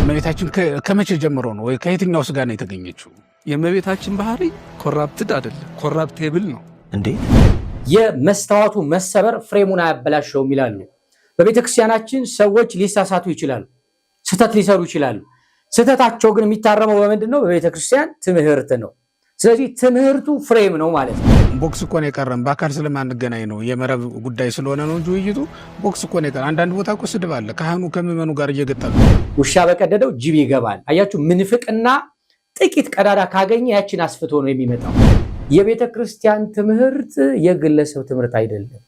እመቤታችን ከመቼ ጀምሮ ነው ወይ ከየትኛው ስጋ ነው የተገኘችው? የእመቤታችን ባህሪ ኮራፕትድ አይደለም፣ ኮራፕቴብል ነው። እንዴ የመስታወቱ መሰበር ፍሬሙን አያበላሸውም ይላሉ። በቤተክርስቲያናችን ሰዎች ሊሳሳቱ ይችላሉ፣ ስህተት ሊሰሩ ይችላሉ። ስህተታቸው ግን የሚታረመው በምንድን ነው? በቤተክርስቲያን ትምህርት ነው። ስለዚህ ትምህርቱ ፍሬም ነው ማለት ነው። ቦክስ እኮ ነው የቀረን። በአካል ስለማንገናኝ ነው የመረብ ጉዳይ ስለሆነ ነው እንጂ ውይይቱ ቦክስ እኮ ነው የቀረን። አንዳንድ ቦታ እኮ ስድብ አለ። ካህኑ ከምዕመኑ ጋር እየገጠሉ ውሻ በቀደደው ጅብ ይገባል። አያችሁ፣ ምንፍቅና ጥቂት ቀዳዳ ካገኘ ያችን አስፍቶ ነው የሚመጣው። የቤተ ክርስቲያን ትምህርት የግለሰብ ትምህርት አይደለም።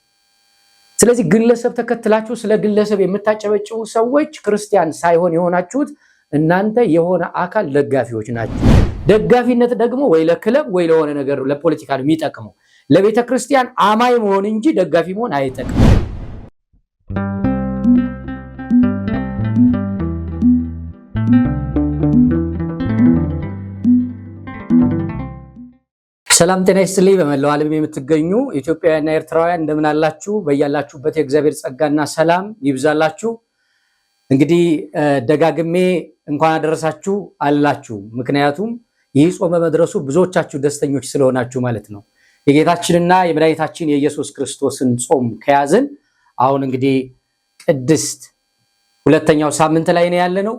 ስለዚህ ግለሰብ ተከትላችሁ ስለ ግለሰብ የምታጨበጭቡ ሰዎች ክርስቲያን ሳይሆን የሆናችሁት እናንተ የሆነ አካል ደጋፊዎች ናቸው። ደጋፊነት ደግሞ ወይ ለክለብ ወይ ለሆነ ነገር ለፖለቲካ ነው የሚጠቅመው። ለቤተ ክርስቲያን አማኝ መሆን እንጂ ደጋፊ መሆን አይጠቅም። ሰላም ጤና ይስጥልኝ። በመላው ዓለም የምትገኙ ኢትዮጵያውያንና ኤርትራውያን እንደምን አላችሁ? በያላችሁበት የእግዚአብሔር ጸጋና ሰላም ይብዛላችሁ። እንግዲህ ደጋግሜ እንኳን አደረሳችሁ አላችሁ። ምክንያቱም ይህ ጾም በመድረሱ ብዙዎቻችሁ ደስተኞች ስለሆናችሁ ማለት ነው። የጌታችንና የመድኃኒታችን የኢየሱስ ክርስቶስን ጾም ከያዝን አሁን እንግዲህ ቅድስት ሁለተኛው ሳምንት ላይ ነው ያለነው።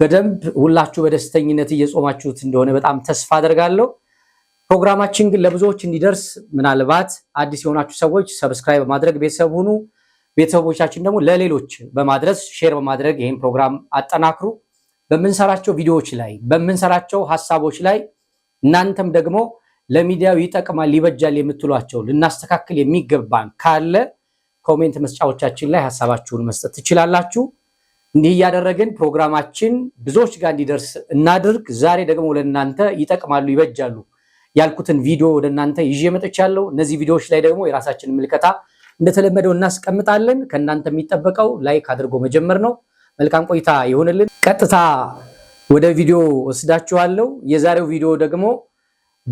በደንብ ሁላችሁ በደስተኝነት እየጾማችሁት እንደሆነ በጣም ተስፋ አደርጋለሁ። ፕሮግራማችን ግን ለብዙዎች እንዲደርስ ምናልባት አዲስ የሆናችሁ ሰዎች ሰብስክራይብ በማድረግ ቤተሰብ ሁኑ። ቤተሰቦቻችን ደግሞ ለሌሎች በማድረስ ሼር በማድረግ ይህን ፕሮግራም አጠናክሩ። በምንሰራቸው ቪዲዮዎች ላይ በምንሰራቸው ሀሳቦች ላይ እናንተም ደግሞ ለሚዲያው ይጠቅማል፣ ይበጃል የምትሏቸው ልናስተካክል የሚገባን ካለ ኮሜንት መስጫዎቻችን ላይ ሀሳባችሁን መስጠት ትችላላችሁ። እንዲህ እያደረግን ፕሮግራማችን ብዙዎች ጋር እንዲደርስ እናድርግ። ዛሬ ደግሞ ለእናንተ ይጠቅማሉ፣ ይበጃሉ ያልኩትን ቪዲዮ ወደ እናንተ ይዤ መጥቻለሁ። እነዚህ ቪዲዮዎች ላይ ደግሞ የራሳችንን ምልከታ እንደተለመደው እናስቀምጣለን። ከእናንተ የሚጠበቀው ላይክ አድርጎ መጀመር ነው። መልካም ቆይታ ይሆንልን ቀጥታ ወደ ቪዲዮ ወስዳችኋለሁ። የዛሬው ቪዲዮ ደግሞ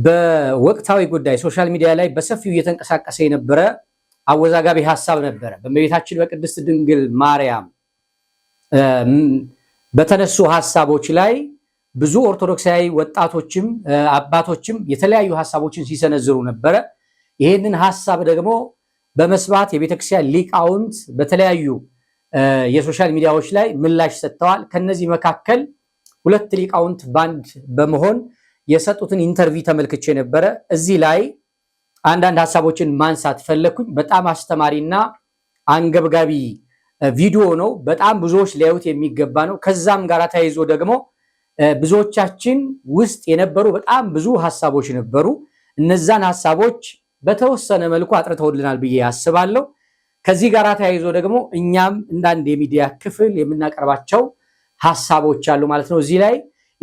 በወቅታዊ ጉዳይ ሶሻል ሚዲያ ላይ በሰፊው እየተንቀሳቀሰ የነበረ አወዛጋቢ ሀሳብ ነበረ። በእመቤታችን በቅድስት ድንግል ማርያም በተነሱ ሀሳቦች ላይ ብዙ ኦርቶዶክሳዊ ወጣቶችም አባቶችም የተለያዩ ሀሳቦችን ሲሰነዝሩ ነበረ። ይህንን ሀሳብ ደግሞ በመስባት የቤተክርስቲያን ሊቃውንት በተለያዩ የሶሻል ሚዲያዎች ላይ ምላሽ ሰጥተዋል። ከነዚህ መካከል ሁለት ሊቃውንት ባንድ በመሆን የሰጡትን ኢንተርቪው ተመልክቼ ነበረ። እዚህ ላይ አንዳንድ ሀሳቦችን ማንሳት ፈለግኩኝ። በጣም አስተማሪና አንገብጋቢ ቪዲዮ ነው። በጣም ብዙዎች ሊያዩት የሚገባ ነው። ከዛም ጋር ተያይዞ ደግሞ ብዙዎቻችን ውስጥ የነበሩ በጣም ብዙ ሀሳቦች ነበሩ። እነዛን ሀሳቦች በተወሰነ መልኩ አጥርተውልናል ብዬ አስባለሁ። ከዚህ ጋር ተያይዞ ደግሞ እኛም እንዳንድ የሚዲያ ክፍል የምናቀርባቸው ሀሳቦች አሉ ማለት ነው እዚህ ላይ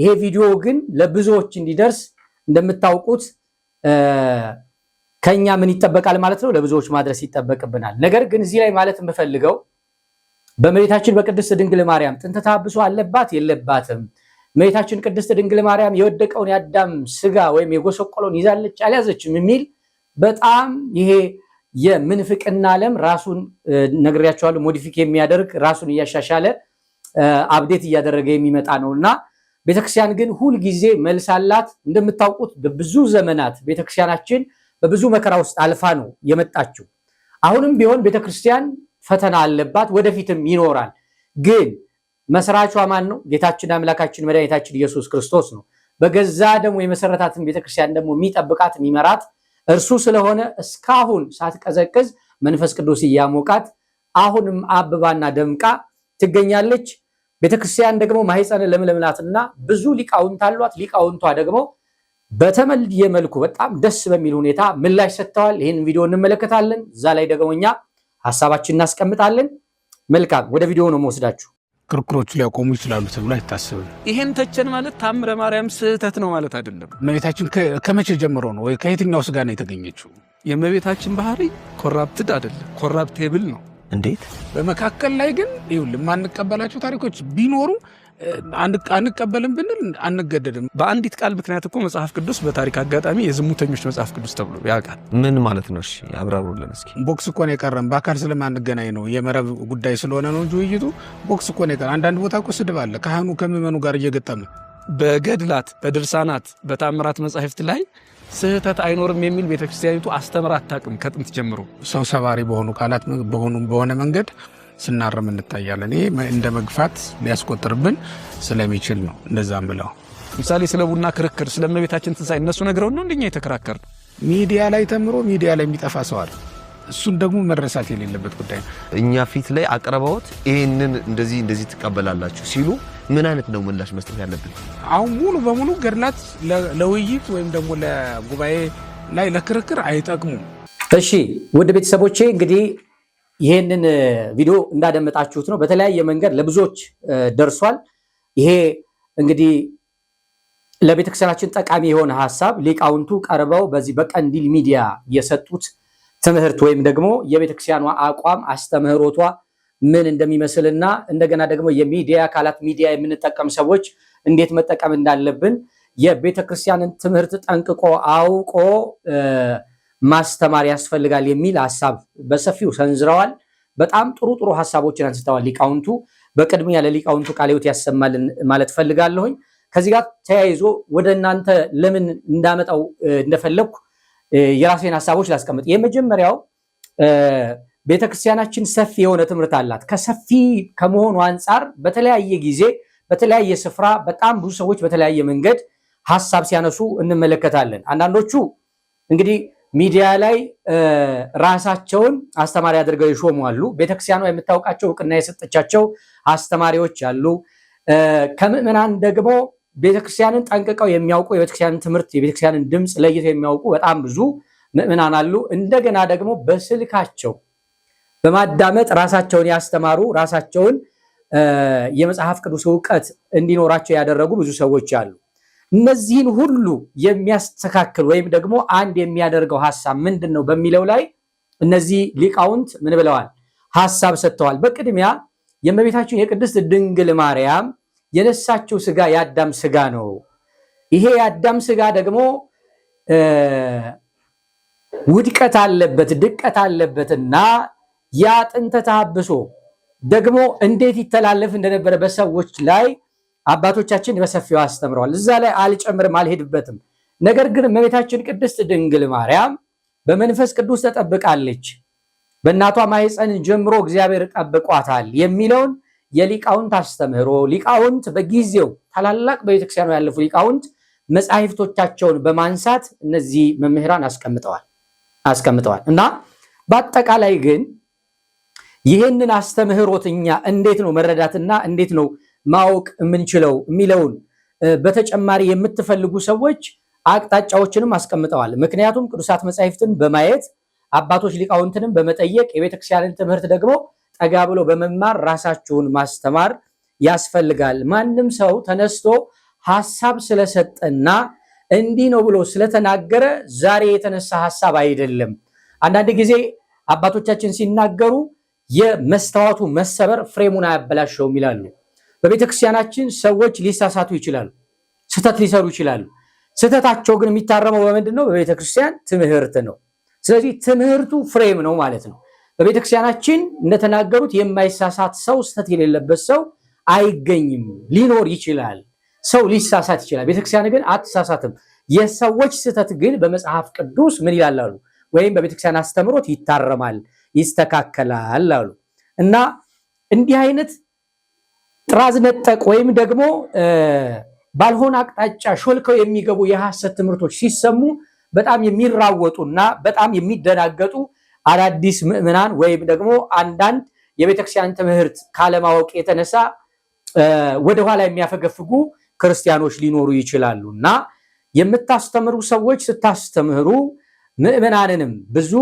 ይሄ ቪዲዮ ግን ለብዙዎች እንዲደርስ እንደምታውቁት ከኛ ምን ይጠበቃል ማለት ነው፣ ለብዙዎች ማድረስ ይጠበቅብናል። ነገር ግን እዚህ ላይ ማለት የምፈልገው በእመቤታችን በቅድስት ድንግል ማርያም ጥንተ ተሐብሶ አለባት የለባትም? እመቤታችን ቅድስት ድንግል ማርያም የወደቀውን የአዳም ስጋ ወይም የጎሰቆለውን ይዛለች አልያዘችም የሚል በጣም ይሄ የምንፍቅና ዓለም ራሱን ነግሬያቸዋለሁ፣ ሞዲፊክ የሚያደርግ ራሱን እያሻሻለ አብዴት እያደረገ የሚመጣ ነውና ቤተክርስቲያን ግን ሁል ጊዜ መልስ አላት። እንደምታውቁት በብዙ ዘመናት ቤተክርስቲያናችን በብዙ መከራ ውስጥ አልፋ ነው የመጣችው። አሁንም ቢሆን ቤተክርስቲያን ፈተና አለባት፣ ወደፊትም ይኖራል። ግን መስራቿ ማን ነው? ጌታችን አምላካችን መድኃኒታችን ኢየሱስ ክርስቶስ ነው። በገዛ ደግሞ የመሰረታትን ቤተክርስቲያን ደግሞ የሚጠብቃት የሚመራት እርሱ ስለሆነ እስካሁን ሳትቀዘቅዝ መንፈስ ቅዱስ እያሞቃት አሁንም አብባና ደምቃ ትገኛለች። ቤተክርስቲያን ደግሞ ማህፀነ ለምለም ናትና ብዙ ሊቃውንት አሏት። ሊቃውንቷ ደግሞ በተለየ መልኩ በጣም ደስ በሚል ሁኔታ ምላሽ ሰጥተዋል። ይህን ቪዲዮ እንመለከታለን። እዛ ላይ ደግሞ እኛ ሀሳባችን እናስቀምጣለን። መልካም ወደ ቪዲዮ ነው መወስዳችሁ። ክርክሮቹ ሊያቆሙ ይችላሉ ተብሎ አይታሰብም። ይህን ተቸን ማለት ታምረ ማርያም ስህተት ነው ማለት አይደለም። እመቤታችን ከመቼ ጀምሮ ነው ወይ ከየትኛው ስጋ ነው የተገኘችው? የእመቤታችን ባህሪ ኮራፕትድ አይደለም፣ ኮራፕቴብል ነው እንዴት በመካከል ላይ ግን ይኸውልህ የማንቀበላቸው ታሪኮች ቢኖሩ አንቀበልም ብንል አንገደድም። በአንዲት ቃል ምክንያት እኮ መጽሐፍ ቅዱስ በታሪክ አጋጣሚ የዝሙተኞች መጽሐፍ ቅዱስ ተብሎ ያውቃል። ምን ማለት ነው? እሺ አብራሩልን እስኪ። ቦክስ እኮ ነው የቀረም በአካል ስለማንገናኝ ነው የመረብ ጉዳይ ስለሆነ ነው እንጂ ውይይቱ ቦክስ እኮ ነው የቀረ። አንዳንድ ቦታ እኮ ስድብ አለ፣ ካህኑ ከምዕመኑ ጋር እየገጠመ በገድላት በድርሳናት በታምራት መጻሕፍት ላይ ስህተት አይኖርም የሚል ቤተክርስቲያኒቱ አስተምራ አታውቅም። ከጥንት ጀምሮ ሰው ሰባሪ በሆኑ ቃላት በሆኑ በሆነ መንገድ ስናርም እንታያለን። ይሄ እንደ መግፋት ሊያስቆጥርብን ስለሚችል ነው። እንደዛም ብለው ምሳሌ ስለ ቡና ክርክር፣ ስለ እመቤታችን ትንሣኤ እነሱ ነግረው ነው እንደኛ የተከራከር ሚዲያ ላይ ተምሮ ሚዲያ ላይ የሚጠፋ ሰዋል እሱን ደግሞ መረሳት የሌለበት ጉዳይ ነው። እኛ ፊት ላይ አቅርበውት ይህንን እንደዚህ እንደዚህ ትቀበላላችሁ ሲሉ ምን አይነት ነው ምላሽ መስጠት ያለብን? አሁን ሙሉ በሙሉ ገድላት ለውይይት ወይም ደግሞ ለጉባኤ ላይ ለክርክር አይጠቅሙም። እሺ ውድ ቤተሰቦቼ እንግዲህ ይህንን ቪዲዮ እንዳደመጣችሁት ነው። በተለያየ መንገድ ለብዙዎች ደርሷል። ይሄ እንግዲህ ለቤተክርስቲያናችን ጠቃሚ የሆነ ሀሳብ ሊቃውንቱ ቀርበው በዚህ በቀንዲል ሚዲያ የሰጡት ትምህርት ወይም ደግሞ የቤተክርስቲያኗ አቋም አስተምህሮቷ ምን እንደሚመስልና እንደገና ደግሞ የሚዲያ አካላት ሚዲያ የምንጠቀም ሰዎች እንዴት መጠቀም እንዳለብን የቤተክርስቲያንን ትምህርት ጠንቅቆ አውቆ ማስተማር ያስፈልጋል የሚል ሀሳብ በሰፊው ሰንዝረዋል። በጣም ጥሩ ጥሩ ሀሳቦችን አንስተዋል ሊቃውንቱ። በቅድሚያ ለሊቃውንቱ ቃለ ሕይወት ያሰማልን ማለት ፈልጋለሁኝ። ከዚህ ጋር ተያይዞ ወደ እናንተ ለምን እንዳመጣው እንደፈለግኩ የራሴን ሀሳቦች ላስቀምጥ። የመጀመሪያው ቤተክርስቲያናችን ሰፊ የሆነ ትምህርት አላት። ከሰፊ ከመሆኑ አንጻር በተለያየ ጊዜ በተለያየ ስፍራ በጣም ብዙ ሰዎች በተለያየ መንገድ ሀሳብ ሲያነሱ እንመለከታለን። አንዳንዶቹ እንግዲህ ሚዲያ ላይ ራሳቸውን አስተማሪ አድርገው የሾሙ አሉ። ቤተክርስቲያኗ የምታውቃቸው እውቅና የሰጠቻቸው አስተማሪዎች አሉ። ከምዕመናን ደግሞ ቤተክርስቲያንን ጠንቅቀው የሚያውቁ የቤተክርስቲያንን ትምህርት የቤተክርስቲያንን ድምፅ ለይተው የሚያውቁ በጣም ብዙ ምዕምናን አሉ። እንደገና ደግሞ በስልካቸው በማዳመጥ ራሳቸውን ያስተማሩ ራሳቸውን የመጽሐፍ ቅዱስ እውቀት እንዲኖራቸው ያደረጉ ብዙ ሰዎች አሉ። እነዚህን ሁሉ የሚያስተካክል ወይም ደግሞ አንድ የሚያደርገው ሀሳብ ምንድን ነው በሚለው ላይ እነዚህ ሊቃውንት ምን ብለዋል? ሀሳብ ሰጥተዋል። በቅድሚያ የእመቤታችን የቅድስት ድንግል ማርያም የነሳችው ስጋ የአዳም ስጋ ነው። ይሄ የአዳም ስጋ ደግሞ ውድቀት አለበት፣ ድቀት አለበትና ያ ተሐብሶ ደግሞ እንዴት ይተላለፍ እንደነበረ በሰዎች ላይ አባቶቻችን በሰፊው አስተምረዋል። እዛ ላይ አልጨምርም፣ አልሄድበትም። ነገር ግን እመቤታችን ቅድስት ድንግል ማርያም በመንፈስ ቅዱስ ተጠብቃለች። በእናቷ ማኅፀን ጀምሮ እግዚአብሔር ጠብቋታል የሚለውን የሊቃውንት አስተምህሮ ሊቃውንት በጊዜው ታላላቅ በቤተክርስቲያኑ ያለፉ ሊቃውንት መጻሕፍቶቻቸውን በማንሳት እነዚህ መምህራን አስቀምጠዋል አስቀምጠዋል እና በአጠቃላይ ግን ይህንን አስተምህሮት እኛ እንዴት ነው መረዳትና እንዴት ነው ማወቅ የምንችለው የሚለውን በተጨማሪ የምትፈልጉ ሰዎች አቅጣጫዎችንም አስቀምጠዋል። ምክንያቱም ቅዱሳት መጻሕፍትን በማየት አባቶች ሊቃውንትንም በመጠየቅ የቤተክርስቲያንን ትምህርት ደግሞ ጠጋ ብሎ በመማር ራሳችሁን ማስተማር ያስፈልጋል። ማንም ሰው ተነስቶ ሐሳብ ስለሰጠና እንዲህ ነው ብሎ ስለተናገረ ዛሬ የተነሳ ሐሳብ አይደለም። አንዳንድ ጊዜ አባቶቻችን ሲናገሩ የመስታወቱ መሰበር ፍሬሙን አያበላሸውም ይላሉ። በቤተክርስቲያናችን ሰዎች ሊሳሳቱ ይችላሉ፣ ስህተት ሊሰሩ ይችላሉ። ስህተታቸው ግን የሚታረመው በምንድን ነው? በቤተክርስቲያን ትምህርት ነው። ስለዚህ ትምህርቱ ፍሬም ነው ማለት ነው። በቤተክርስቲያናችን እንደተናገሩት የማይሳሳት ሰው ስተት የሌለበት ሰው አይገኝም። ሊኖር ይችላል፣ ሰው ሊሳሳት ይችላል። ቤተክርስቲያን ግን አትሳሳትም። የሰዎች ስተት ግን በመጽሐፍ ቅዱስ ምን ይላል አሉ ወይም በቤተክርስቲያን አስተምሮት ይታረማል፣ ይስተካከላል አሉ እና እንዲህ አይነት ጥራዝ ነጠቅ ወይም ደግሞ ባልሆነ አቅጣጫ ሾልከው የሚገቡ የሐሰት ትምህርቶች ሲሰሙ በጣም የሚራወጡና በጣም የሚደናገጡ አዳዲስ ምዕምናን ወይም ደግሞ አንዳንድ የቤተክርስቲያን ትምህርት ካለማወቅ የተነሳ ወደኋላ የሚያፈገፍጉ ክርስቲያኖች ሊኖሩ ይችላሉ እና የምታስተምሩ ሰዎች ስታስተምሩ ምዕምናንንም ብዙ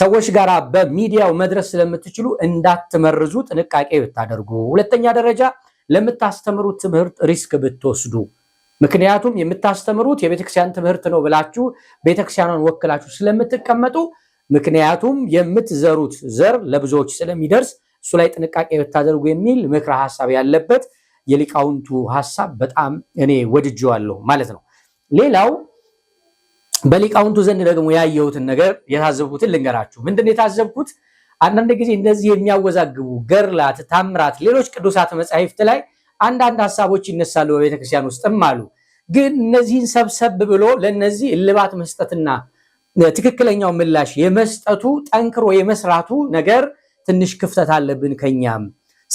ሰዎች ጋር በሚዲያው መድረስ ስለምትችሉ እንዳትመርዙ ጥንቃቄ ብታደርጉ። ሁለተኛ ደረጃ ለምታስተምሩት ትምህርት ሪስክ ብትወስዱ ምክንያቱም የምታስተምሩት የቤተክርስቲያን ትምህርት ነው ብላችሁ ቤተክርስቲያኗን ወክላችሁ ስለምትቀመጡ፣ ምክንያቱም የምትዘሩት ዘር ለብዙዎች ስለሚደርስ እሱ ላይ ጥንቃቄ ብታደርጉ የሚል ምክረ ሀሳብ ያለበት የሊቃውንቱ ሀሳብ በጣም እኔ ወድጄዋለሁ ማለት ነው። ሌላው በሊቃውንቱ ዘንድ ደግሞ ያየሁትን ነገር የታዘብኩትን ልንገራችሁ። ምንድን የታዘብኩት አንዳንድ ጊዜ እንደዚህ የሚያወዛግቡ ገርላት፣ ታምራት፣ ሌሎች ቅዱሳት መጻሕፍት ላይ አንዳንድ ሀሳቦች ይነሳሉ በቤተክርስቲያን ውስጥም አሉ። ግን እነዚህን ሰብሰብ ብሎ ለነዚህ እልባት መስጠትና ትክክለኛው ምላሽ የመስጠቱ ጠንክሮ የመስራቱ ነገር ትንሽ ክፍተት አለብን ከኛም።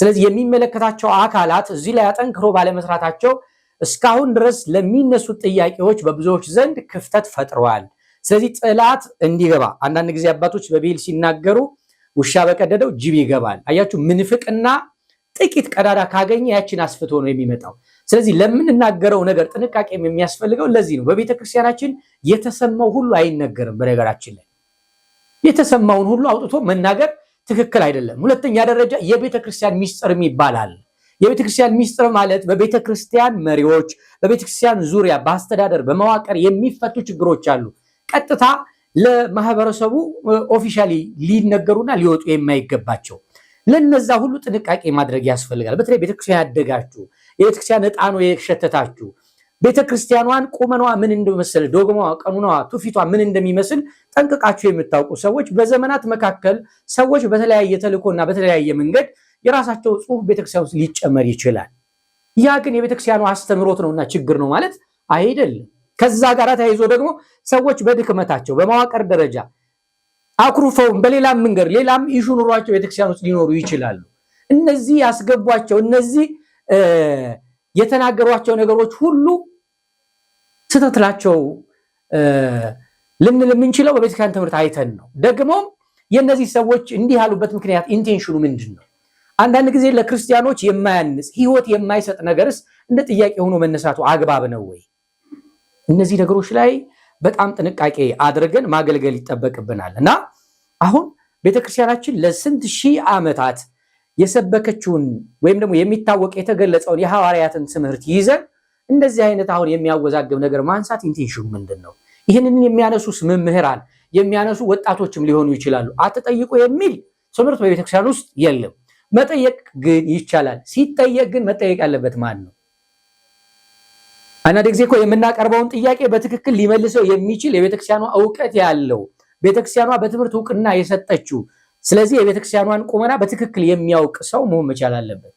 ስለዚህ የሚመለከታቸው አካላት እዚህ ላይ አጠንክሮ ባለመስራታቸው እስካሁን ድረስ ለሚነሱት ጥያቄዎች በብዙዎች ዘንድ ክፍተት ፈጥረዋል። ስለዚህ ጥላት እንዲገባ አንዳንድ ጊዜ አባቶች በብሂል ሲናገሩ ውሻ በቀደደው ጅብ ይገባል። አያችሁ ምንፍቅና ጥቂት ቀዳዳ ካገኘ ያችን አስፍቶ ነው የሚመጣው። ስለዚህ ለምንናገረው ነገር ጥንቃቄ የሚያስፈልገው ለዚህ ነው። በቤተ ክርስቲያናችን የተሰማው ሁሉ አይነገርም። በነገራችን ላይ የተሰማውን ሁሉ አውጥቶ መናገር ትክክል አይደለም። ሁለተኛ ደረጃ የቤተ ክርስቲያን ሚስጥርም ይባላል። የቤተ ክርስቲያን ሚስጥር ማለት በቤተ ክርስቲያን መሪዎች፣ በቤተ ክርስቲያን ዙሪያ፣ በአስተዳደር በመዋቅር የሚፈቱ ችግሮች አሉ። ቀጥታ ለማህበረሰቡ ኦፊሻሊ ሊነገሩና ሊወጡ የማይገባቸው ለነዛ ሁሉ ጥንቃቄ ማድረግ ያስፈልጋል። በተለይ ቤተክርስቲያን ያደጋችሁ የቤተክርስቲያን ዕጣኑ የሸተታችሁ ቤተክርስቲያኗን ቁመኗ ምን እንደሚመስል ዶግማዋ፣ ቀኑኗ፣ ትውፊቷ ምን እንደሚመስል ጠንቅቃችሁ የምታውቁ ሰዎች በዘመናት መካከል ሰዎች በተለያየ እና በተለያየ መንገድ የራሳቸው ጽሑፍ ቤተክርስቲያን ውስጥ ሊጨመር ይችላል። ያ ግን የቤተክርስቲያኗ አስተምሮት ነውና ችግር ነው ማለት አይደለም። ከዛ ጋር ተያይዞ ደግሞ ሰዎች በድክመታቸው በማዋቀር ደረጃ አኩርፈውም በሌላም መንገድ ሌላም ኢሹ ኑሯቸው ቤተክርስቲያኖች ሊኖሩ ይችላሉ። እነዚህ ያስገቧቸው እነዚህ የተናገሯቸው ነገሮች ሁሉ ስተትላቸው ልንል የምንችለው በቤተክርስቲያን ትምህርት አይተን ነው። ደግሞም የእነዚህ ሰዎች እንዲህ ያሉበት ምክንያት ኢንቴንሽኑ ምንድን ነው? አንዳንድ ጊዜ ለክርስቲያኖች የማያንስ ህይወት የማይሰጥ ነገርስ እንደ ጥያቄ ሆኖ መነሳቱ አግባብ ነው ወይ? እነዚህ ነገሮች ላይ በጣም ጥንቃቄ አድርገን ማገልገል ይጠበቅብናል እና አሁን ቤተክርስቲያናችን ለስንት ሺህ ዓመታት የሰበከችውን ወይም ደግሞ የሚታወቅ የተገለጸውን የሐዋርያትን ትምህርት ይዘን እንደዚህ አይነት አሁን የሚያወዛግብ ነገር ማንሳት ኢንቴንሽኑ ምንድን ነው? ይህንን የሚያነሱስ መምህራን የሚያነሱ ወጣቶችም ሊሆኑ ይችላሉ። አትጠይቁ የሚል ትምህርት በቤተክርስቲያን ውስጥ የለም። መጠየቅ ግን ይቻላል። ሲጠየቅ ግን መጠየቅ ያለበት ማን ነው? አንዳንድ ጊዜ እኮ የምናቀርበውን ጥያቄ በትክክል ሊመልሰው የሚችል የቤተክርስቲያኗ እውቀት ያለው ቤተክርስቲያኗ በትምህርት እውቅና የሰጠችው ስለዚህ የቤተክርስቲያኗን ቁመና በትክክል የሚያውቅ ሰው መሆን መቻል አለበት።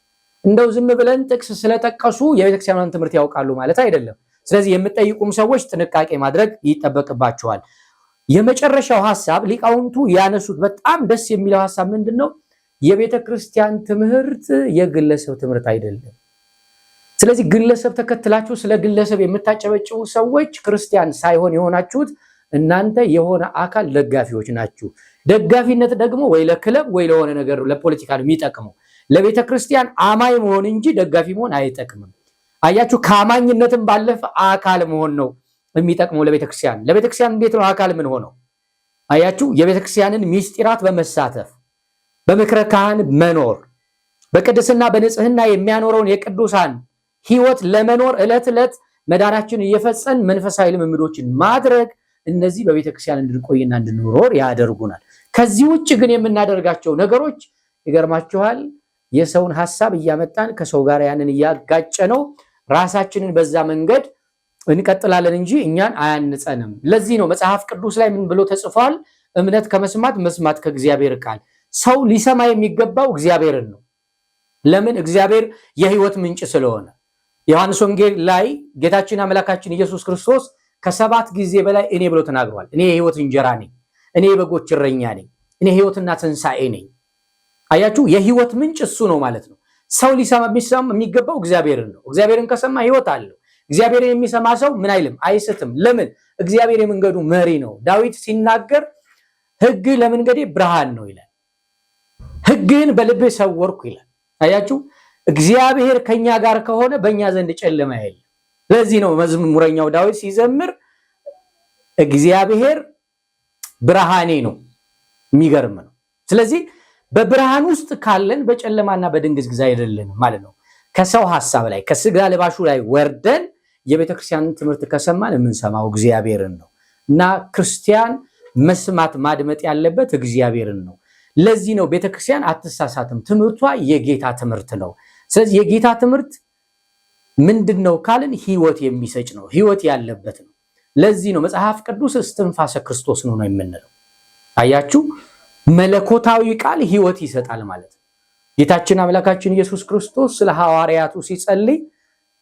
እንደው ዝም ብለን ጥቅስ ስለጠቀሱ የቤተክርስቲያኗን ትምህርት ያውቃሉ ማለት አይደለም። ስለዚህ የምጠይቁም ሰዎች ጥንቃቄ ማድረግ ይጠበቅባቸዋል። የመጨረሻው ሀሳብ ሊቃውንቱ ያነሱት በጣም ደስ የሚለው ሀሳብ ምንድን ነው? የቤተክርስቲያን ትምህርት የግለሰብ ትምህርት አይደለም። ስለዚህ ግለሰብ ተከትላችሁ ስለ ግለሰብ የምታጨበጭቡ ሰዎች ክርስቲያን ሳይሆን የሆናችሁት እናንተ የሆነ አካል ደጋፊዎች ናችሁ። ደጋፊነት ደግሞ ወይ ለክለብ ወይ ለሆነ ነገር ለፖለቲካ ነው የሚጠቅመው። ለቤተ ክርስቲያን አማኝ መሆን እንጂ ደጋፊ መሆን አይጠቅምም። አያችሁ፣ ከአማኝነትም ባለፈ አካል መሆን ነው የሚጠቅመው ለቤተ ክርስቲያን። ለቤተ ክርስቲያን እንዴት ነው አካል ምን ሆነው? አያችሁ፣ የቤተ ክርስቲያንን ሚስጢራት በመሳተፍ በምክረ ካህን መኖር በቅድስና በንጽህና የሚያኖረውን የቅዱሳን ህይወት ለመኖር ዕለት ዕለት መዳናችን እየፈጸን መንፈሳዊ ልምምዶችን ማድረግ እነዚህ በቤተክርስቲያን እንድንቆይና እንድንኖር ያደርጉናል። ከዚህ ውጭ ግን የምናደርጋቸው ነገሮች ይገርማችኋል፣ የሰውን ሀሳብ እያመጣን ከሰው ጋር ያንን እያጋጨ ነው ራሳችንን በዛ መንገድ እንቀጥላለን እንጂ እኛን አያንጸንም። ለዚህ ነው መጽሐፍ ቅዱስ ላይ ምን ብሎ ተጽፏል? እምነት ከመስማት መስማት ከእግዚአብሔር ቃል። ሰው ሊሰማ የሚገባው እግዚአብሔርን ነው። ለምን? እግዚአብሔር የህይወት ምንጭ ስለሆነ ዮሐንስ ወንጌል ላይ ጌታችን አምላካችን ኢየሱስ ክርስቶስ ከሰባት ጊዜ በላይ እኔ ብሎ ተናግሯል። እኔ የህይወት እንጀራ ነኝ፣ እኔ የበጎች እረኛ ነኝ፣ እኔ ህይወትና ትንሣኤ ነኝ። አያችሁ፣ የህይወት ምንጭ እሱ ነው ማለት ነው። ሰው ሊሰማ የሚገባው እግዚአብሔርን ነው። እግዚአብሔርን ከሰማ ህይወት አለው። እግዚአብሔርን የሚሰማ ሰው ምን አይልም፣ አይስትም። ለምን? እግዚአብሔር የመንገዱ መሪ ነው። ዳዊት ሲናገር ህግ ለመንገዴ ብርሃን ነው ይላል፣ ህግህን በልቤ ሰወርኩ ይላል። አያችሁ እግዚአብሔር ከኛ ጋር ከሆነ በእኛ ዘንድ ጨለማ የለም። ለዚህ ነው መዝሙረኛው ዳዊት ሲዘምር እግዚአብሔር ብርሃኔ ነው። የሚገርም ነው። ስለዚህ በብርሃን ውስጥ ካለን በጨለማና በድንግዝግዝ አይደለንም ማለት ነው። ከሰው ሀሳብ ላይ ከስጋ ለባሹ ላይ ወርደን የቤተክርስቲያንን ትምህርት ከሰማን የምንሰማው እግዚአብሔርን ነው እና ክርስቲያን መስማት ማድመጥ ያለበት እግዚአብሔርን ነው። ለዚህ ነው ቤተክርስቲያን አትሳሳትም፣ ትምህርቷ የጌታ ትምህርት ነው። ስለዚህ የጌታ ትምህርት ምንድን ነው ካልን ህይወት የሚሰጭ ነው፣ ህይወት ያለበት ነው። ለዚህ ነው መጽሐፍ ቅዱስ እስትንፋሰ ክርስቶስ ነው ነው የምንለው። አያችሁ መለኮታዊ ቃል ህይወት ይሰጣል ማለት ነው። ጌታችን አምላካችን ኢየሱስ ክርስቶስ ስለ ሐዋርያቱ ሲጸልይ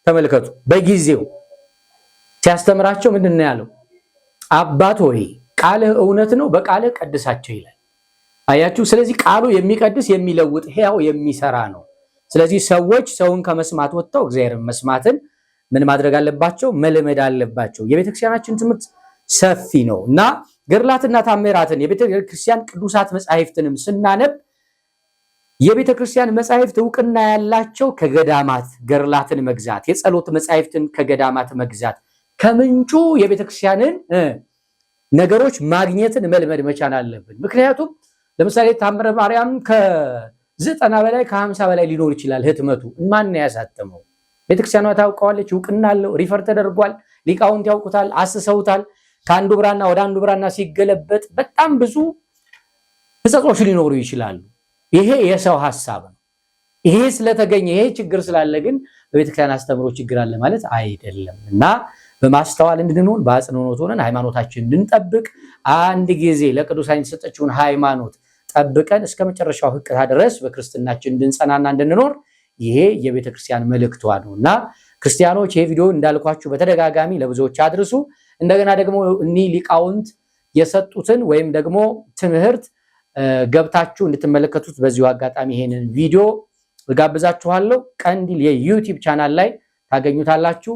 ተመልከቱ። በጊዜው ሲያስተምራቸው ምንድን ነው ያለው? አባት ሆይ ቃልህ እውነት ነው፣ በቃልህ ቀድሳቸው ይላል። አያችሁ። ስለዚህ ቃሉ የሚቀድስ የሚለውጥ፣ ሕያው የሚሰራ ነው። ስለዚህ ሰዎች ሰውን ከመስማት ወጥተው እግዚአብሔርን መስማትን ምን ማድረግ አለባቸው? መልመድ አለባቸው። የቤተክርስቲያናችን ትምህርት ሰፊ ነው እና ገድላትና ታምራትን የቤተክርስቲያን ቅዱሳት መጻሕፍትንም ስናነብ የቤተክርስቲያን መጻሕፍት እውቅና ያላቸው ከገዳማት ገድላትን መግዛት፣ የጸሎት መጻሕፍትን ከገዳማት መግዛት፣ ከምንጩ የቤተክርስቲያንን ነገሮች ማግኘትን መልመድ መቻል አለብን። ምክንያቱም ለምሳሌ ታምረ ማርያም ዘጠና በላይ ከሀምሳ በላይ ሊኖር ይችላል። ህትመቱ ማን ያሳተመው? ቤተክርስቲያኗ ታውቀዋለች። እውቅና አለው። ሪፈር ተደርጓል። ሊቃውንት ያውቁታል፣ አስሰውታል። ከአንዱ ብራና ወደ አንዱ ብራና ሲገለበጥ በጣም ብዙ ህጸጾች ሊኖሩ ይችላሉ። ይሄ የሰው ሀሳብ ነው። ይሄ ስለተገኘ ይሄ ችግር ስላለ ግን በቤተክርስቲያን አስተምሮ ችግር አለ ማለት አይደለም እና በማስተዋል እንድንሆን በአጽንኖት ሆነን ሃይማኖታችን እንድንጠብቅ አንድ ጊዜ ለቅዱሳን የተሰጠችውን ሃይማኖት ጠብቀን እስከ መጨረሻው ሕቅታ ድረስ በክርስትናችን እንድንጸናና እንድንኖር ይሄ የቤተ ክርስቲያን መልእክቷ ነው እና ክርስቲያኖች ይሄ ቪዲዮ እንዳልኳችሁ በተደጋጋሚ ለብዙዎች አድርሱ። እንደገና ደግሞ እኒህ ሊቃውንት የሰጡትን ወይም ደግሞ ትምህርት ገብታችሁ እንድትመለከቱት በዚሁ አጋጣሚ ይሄንን ቪዲዮ እጋብዛችኋለሁ። ቀንዲል የዩቲዩብ ቻናል ላይ ታገኙታላችሁ።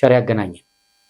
ቸር ያገናኘን።